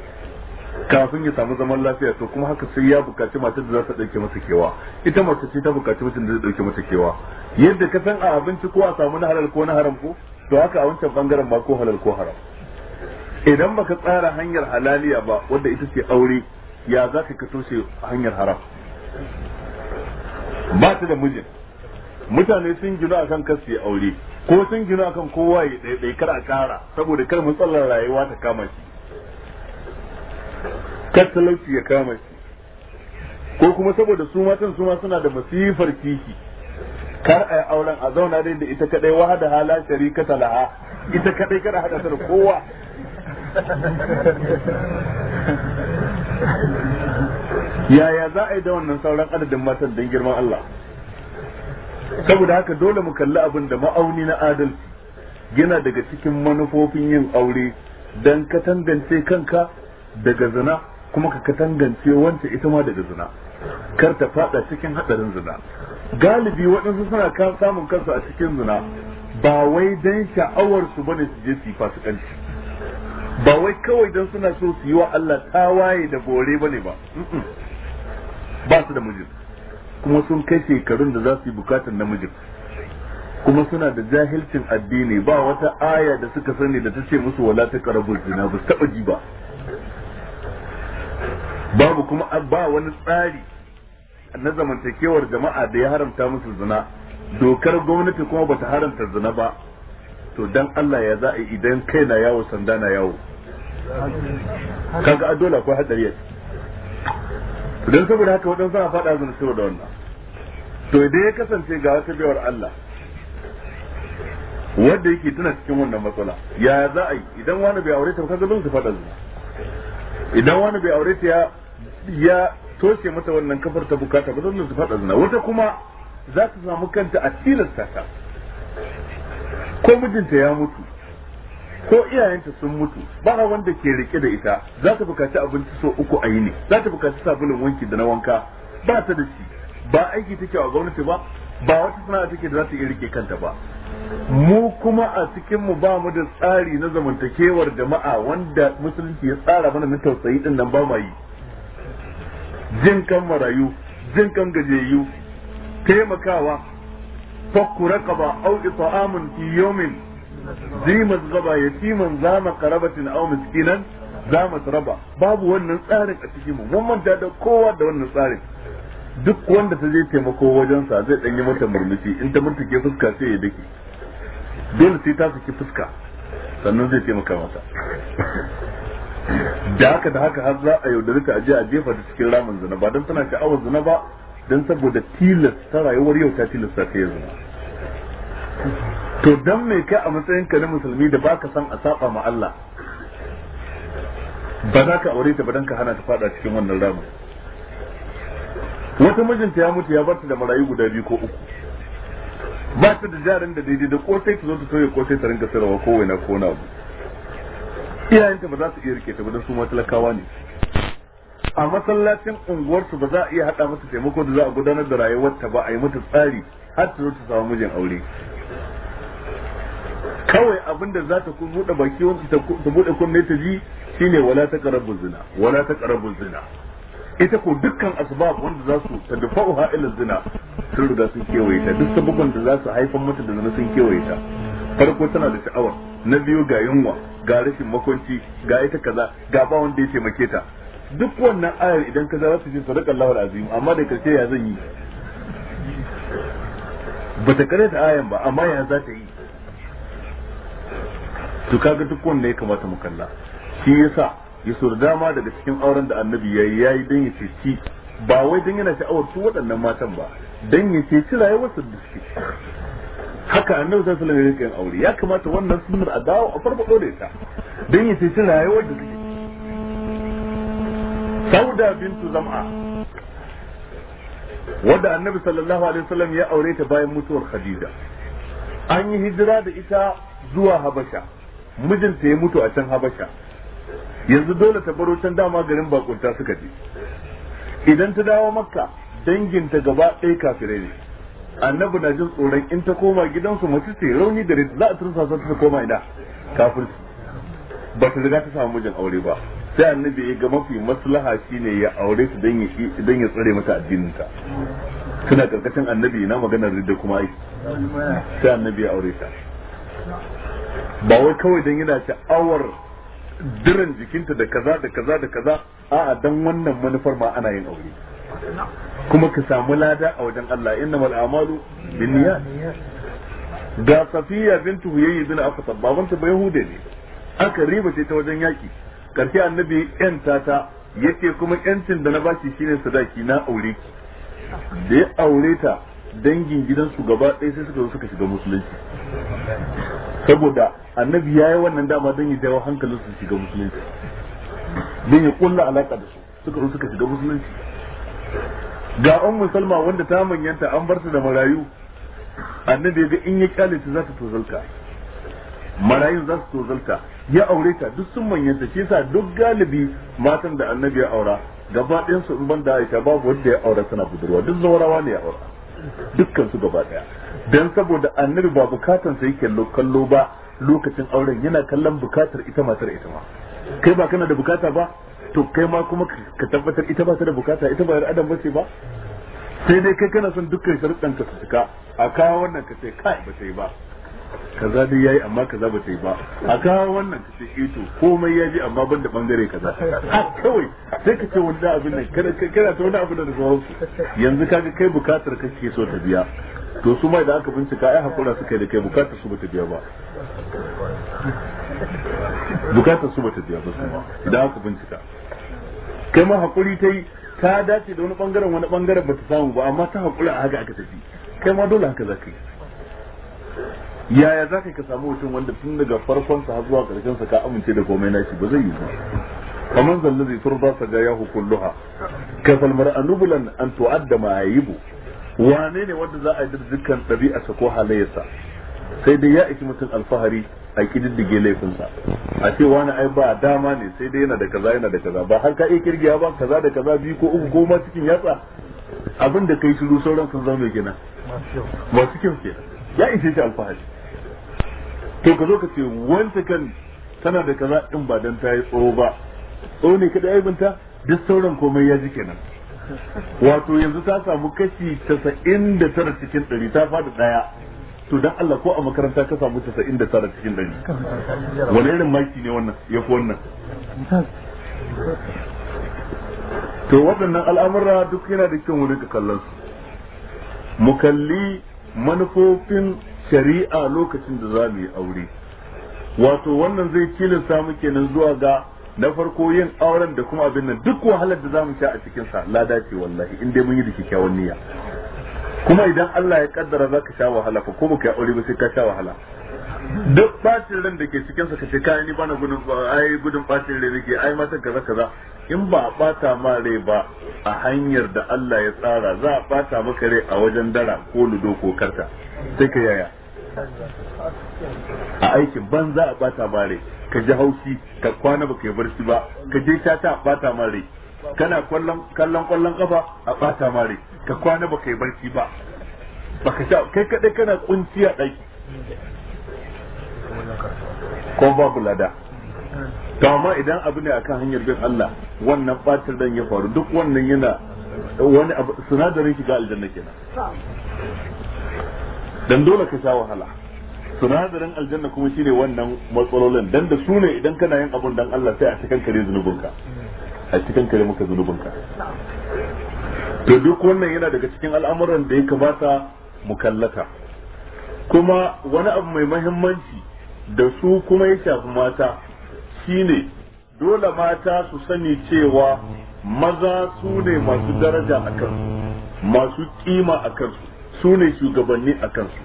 kafin ya samu zaman lafiya to kuma haka sai ya bukaci matar da za ta dauke masa kewa ita mace ce ta bukaci mutum da zai dauke mata kewa yadda ka san a abinci ko a samu na halal ko na haram ko to haka a wancan bangaren ba ko halal ko haram idan baka tsara hanyar halaliya ba wadda ita ce aure ya za ka toshe hanyar haram ba ta da mijin mutane sun gina kan kasu ya aure ko sun gina akan kowa ya ɗaiɗai kar a ƙara saboda kar matsalar rayuwa ta kama shi kar talauci ya kama shi ko kuma saboda su matan su ma suna da masifar kishi kar a yi auren a zauna dai da ita kadai wahada hala sharika talaha ita kadai a haɗa ta da kowa yaya za a yi da wannan sauran adadin matan don girman Allah saboda haka dole mu kalli abin da ma'auni na adalci yana daga cikin manufofin yin aure dan ka tangance kanka daga zina kuma ka katangance wancan ita ma daga zina kar ta fada cikin hadarin zina galibi waɗansu suna kan samun kansu a cikin zina ba wai dan sha'awar su bane su je su fasikanci ba wai kawai dan suna so su yi wa Allah tawaye da bore bane ba ba su da mijin kuma sun kai shekarun da za su yi bukatar namijin kuma suna da jahilcin addini ba wata aya da suka sani da ta ce musu wala ta karabul zina ba su ji ba babu kuma ba wani tsari na zamantakewar jama'a da ya haramta musu zina dokar gwamnati kuma bata haramta zina ba to dan Allah ya za a idan kai na yawo sanda na yawo kaga a dole akwai hadari don saboda haka waɗansu a faɗa zan da wannan to idan ya kasance ga wata biyar Allah wanda yake tana cikin wannan matsala ya za a yi idan wani bai aure ta ba kaga zan su faɗa zuna idan wani bai aure ta ya ya toshe mata wannan kafar ta bukata ba zan su faɗa zuna wata kuma za ta samu kanta a tilasta ta ko mijinta ya mutu ko iyayenta sun mutu ba wanda ke rike da ita za ta bukaci abinci so uku a yi ne za ta bukaci sabulun wanki da na wanka ba ta da shi ba aiki take a gwamnati ba ba wata sana'a take da za ta iya rike kanta ba mu kuma a cikin mu ba mu da tsari na zamantakewar jama'a wanda musulunci ya tsara mana na tausayi din nan ba ma yi jin kan marayu jin kan gajiyayyu taimakawa fakku raqaba au it'amun fi yawmin zima mazgaba yatiman zama karabatin aw miskinan za raba babu wannan tsarin a cikin mu mun manta da kowa da wannan tsarin duk wanda ta je taimako sa zai danyi mata murmushi in ta ke fuska sai ya dake dole sai ta saki fuska sannan zai taimaka mata da haka da haka har za a yaudare ta aje a jefa ta cikin ramin zina ba don tana sha'awar zina ba don saboda tilasta rayuwar yau ta tilasta ta yi zina to dan me kai a matsayin ka na musulmi da baka san a saba ma Allah ba za ka aure ta ba dan ka hana ta fada cikin wannan ramin wata mijinta ya mutu ya bar ta da marayu guda biyu ko uku ba ta da jarin da daidai da kotai ta zo ta toye kotai ta rinka sirrawa ko waina ko na abu iyayenta ba za su iya rike ta ba don su ma talakawa ne a masallacin unguwarsu ba za a iya haɗa masa taimako da za a gudanar da rayuwar ta ba a yi mata tsari har ta zo ta samu mijin aure kawai abin da zata ta buɗe baki ta buɗe kunne ta ji shine wala ta zina wala ta zina ita ko dukkan asbab wanda za su tadfa'uha ila zina sun riga sun kewaye ta duk sabukan da za su haifar mata da zina sun kewaye ta farko tana da sha'awar na biyu ga yunwa ga rashin makwanci ga ita kaza ga ba wanda ya taimake ta duk wannan ayar idan ka za su ce sadaqa Allahu azim amma da karshe ya zan yi ba ta kare ta ayan ba amma ya za ta yi to kaga duk wanda ya kamata mu kalla shi yasa ya so dama daga cikin auren da annabi yayi yayi dan ya ceci ba wai dan yana sha'awar su waɗannan matan ba dan ya ceci rayuwarsa da shi haka annabi sallallahu alaihi wasallam ya yi aure ya kamata wannan sunnar a dawo a farfado da ita dan ya ceci rayuwar da take sauda bintu zam'a wadda annabi sallallahu alaihi wasallam ya aure ta bayan mutuwar khadija an yi hijira da ita zuwa habasha mijinta ya mutu a can habasha yanzu dole ta baro can dama garin bakunta suka je idan ta dawo makka danginta gaba ɗaya kafirai ne annabi na jin tsoron in ta koma gidansu mace ce rauni da za a tursa ta koma ina Kafin ba ta riga ta samu mijin aure ba sai annabi ya ga mafi maslaha shine ya aure su dan ya dan ya tsare mata addininta suna karkashin annabi na maganar ridda kuma ai sai annabi ya aure ta ba wai kawai dan yana sha'awar diran jikinta da kaza da kaza da kaza a'a dan wannan manufar ma ana yin aure kuma ka samu lada a wajen Allah mal a'malu binniyat Da safiya bintu huyayyi bin afsab babanta bai hude ne aka riba ta wajen yaki karshe annabi yanta ta yace kuma yancin da na baki shine sadaki na aure da ya aure ta dangin gidansu gaba ɗaya sai suka zo suka shiga musulunci saboda annabi ya yi wannan dama don ya jawo hankalin su shiga musulunci don ya kulla alaka da su suka zo suka shiga musulunci ga an musulma wanda ta manyanta an bar su da marayu annabi ya ga in ya kyale su za ta tozalta marayun za su tozalta ya aure ta duk sun manyanta shi yasa duk galibi matan da annabi ya aura gaba ɗayan su in ban da aisha babu wanda ya aura tana budurwa duk zawarawa ne ya aura dukkan su gaba ɗaya dan saboda annabi ba bukatansa yake kallo ba lokacin auren yana kallon bukatar ita matar ita ma kai ba kana da bukata ba to kai ma kuma ka tabbatar ita ba ta da bukata ita ba yar adam bace ba sai dai kai kana son dukkan sharuɗan ka cika a kawo wannan ka ce kai ba sai ba kaza dai yayi amma kaza ba sai ba a kawo wannan ka ce ito eh komai ya ji amma ban da bangare kaza kawai sai ka ce wanda abin nan kana ta wani abin da zuwa yanzu kaga kai bukatar kake so ta biya to su ma idan aka bincika ai hakura suka yi da kai bukatar su bata biya ba bukatar su bata biya ba su ma idan aka bincika kai ma hakuri ta yi ta dace da wani bangaren wani bangaren bata samu ba amma ta hakura a haka aka tafi kai ma dole haka zaka yi yaya za ka samu mutum wanda tun daga farkon sa zuwa karshen sa ka amince da komai nashi ba zai yi ba kamar zallazi turba sa ga yahu kulluha kafal mar'anubulan an tu'adda ma'ayibu wane ne wanda za a yi dukkan ɗabi'arsa ko halayyarsa sai dai ya iki mutum alfahari a kididdige laifinsa a ce wani ai ba dama ne sai dai yana da kaza yana da kaza ba har ka iya kirgiya ba kaza da kaza biyu ko uku ko ma cikin yatsa abin da kai shiru sauran sun zama gina masu kyau ke ya ishe shi alfahari to ka zo ka ce wanta kan tana da kaza in ba dan ta yi tsoro ba tsoro ne kada aibinta duk sauran komai ya ji kenan wato yanzu ta samu kashi 99 cikin ɗari ta fada ɗaya, to dan Allah ko a makaranta ka samu 99 cikin ɗari wani irin maki ne wannan ya fi wannan to waɗannan al'amura duk yana da kyan wani ka kallon su mu kalli manufofin shari'a lokacin da za mu yi aure wato wannan zai kilin samu kenan zuwa ga na farko yin auren da kuma abin nan duk wahalar da zamu sha a cikin sa lada ce wallahi in dai mun yi da kyakkyawan niyya kuma idan Allah ya kaddara zaka sha wahala fa ko kai aure ba sai ka sha wahala duk bacin ran da ke cikin sa ce kai ni bana gudun ai gudun bacin rai yake ai matan kaza kaza in ba a bata ma rai ba a hanyar da Allah ya tsara za a bata maka rai a wajen dara ko ludo ko karta sai ka yaya a aikin za a bata mare ka ji haushi ka kwana ba kai barci ba ka je tata a bata mare kana kallon kallon kafa a bata mare ka kwana ba kai barci ba baka sha kai kadai kana kunci a daki ko babu lada to amma idan abu ne akan hanyar bin Allah wannan batir dan ya faru duk wannan yana wani sinadarin shiga aljanna kenan dan dole ka sha wahala sunadarin aljanna kuma shine wannan matsalolin dan da su ne idan kana yin abun dan Allah sai a cikin kare zunubinka a cikin kare maka zunubinka to duk wannan yana daga cikin al'amuran da ya kamata mu kallata kuma wani abu mai mahimmanci da su kuma ya shafi mata shine dole mata su sani cewa maza su ne masu daraja a kansu masu kima a kansu su ne shugabanni a kansu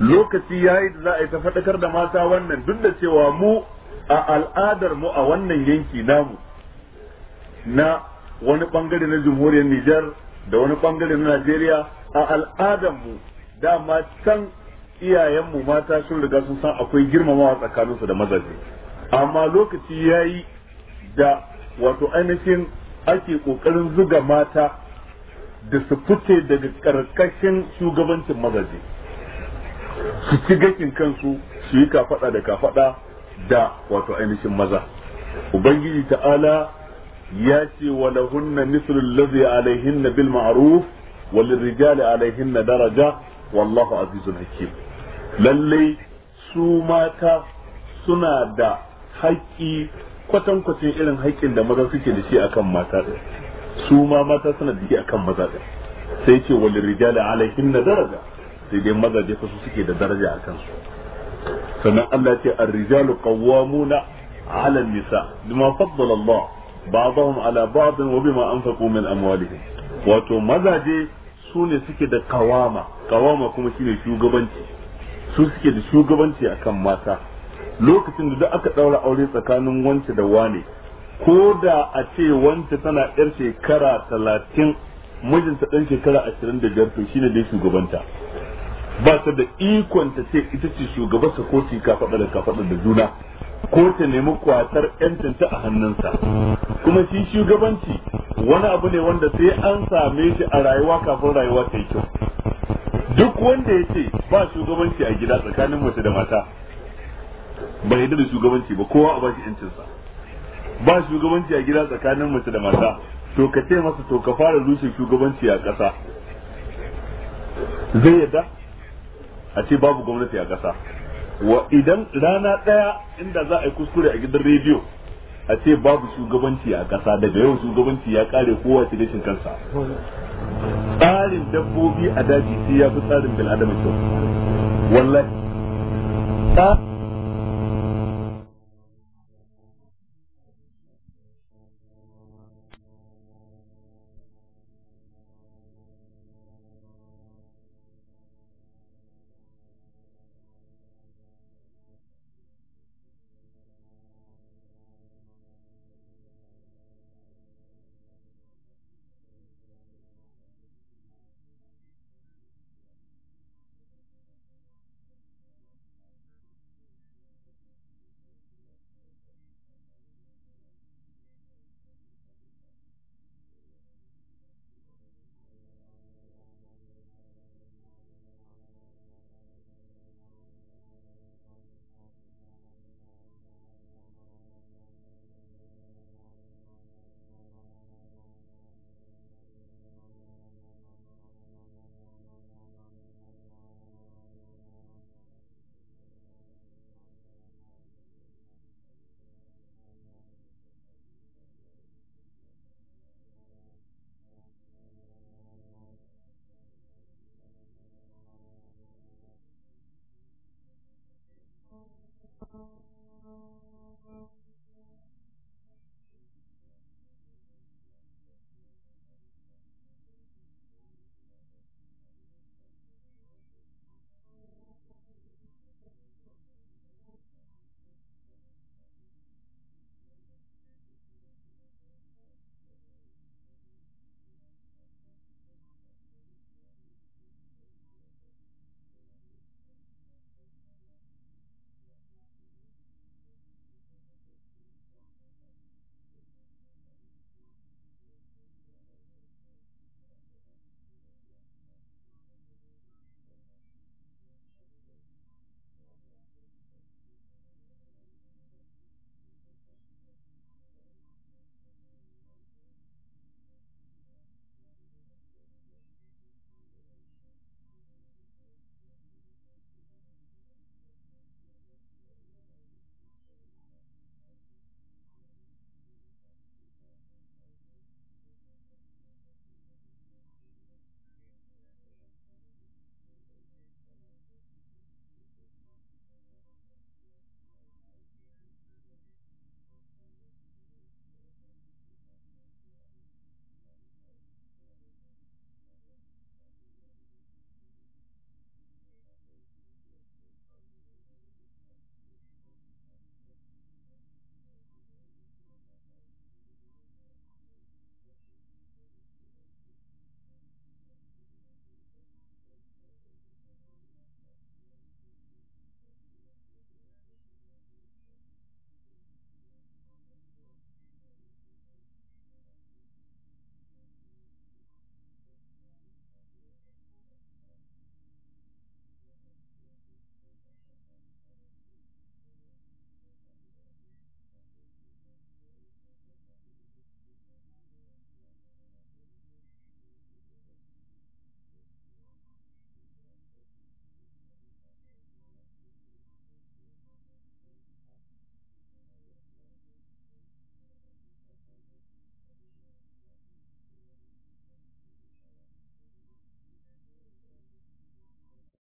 lokaci ya yi za a yi ta da mata wannan duk da cewa mu a al'adar mu a wannan yanki namu na wani ɓangare na jamhuriyar Nijar da wani ɓangare na Najeriya a al'adar mu dama can iyayenmu mata sun riga sun san akwai girmamawa tsakaninsu da mazaje amma lokaci ya yi da wato ainihin ake ƙoƙarin zuga mata da su fice daga karkashin shugabancin mazaje su ci gashin kansu su yi kafada da kafada da wato ainihin maza ubangiji ta'ala ya ce wa lahunna mislu allazi alaihinna bil ma'ruf wal rijali alaihinna daraja wallahu azizun hakim lalle su mata suna da haƙƙi kwatankwacin irin haƙƙin da maza suke da shi akan mata su ma mata suna jiki akan maza din sai ce wal rijali alaihim na daraja sai dai mazaje fa su suke da daraja a kansu sannan Allah ce a rijalu qawwamuna 'ala nisa bima faddala Allah ba'dahum 'ala ba'd wa bima anfaqu min amwalihim wato mazaje su ne suke da kawama kawama kuma shine shugabanci su suke da shugabanci akan mata lokacin da aka daura aure tsakanin wance da wane ko da a ce wance tana yar shekara talatin mijinta ɗan shekara ashirin da biyar to ne dai shugabanta ba ta da ikon ta ce ita ce shugabarsa ko ci kafaɗa da kafaɗa da juna ko ta nemi kwatar yancinta a hannunsa kuma shi shugabanci wani abu ne wanda sai an same shi a rayuwa kafin rayuwa ta yi kyau duk wanda ya ce ba shugabanci a gida tsakanin mace da mata Ba bai da shugabanci ba kowa a bashi yancinsa ba shugabanci a gida tsakanin mace da mata to ka ce masa to ka fara rushe shugabanci a ƙasa zai yadda a ce babu gwamnati a ƙasa wa idan rana ɗaya inda za a yi kuskure a gidan rediyo a ce babu shugabanci a ƙasa daga yau shugabanci ya ƙare kowa ta gashin kansa tsarin dabbobi a daji sai ya fi tsarin bil'adama kyau wallahi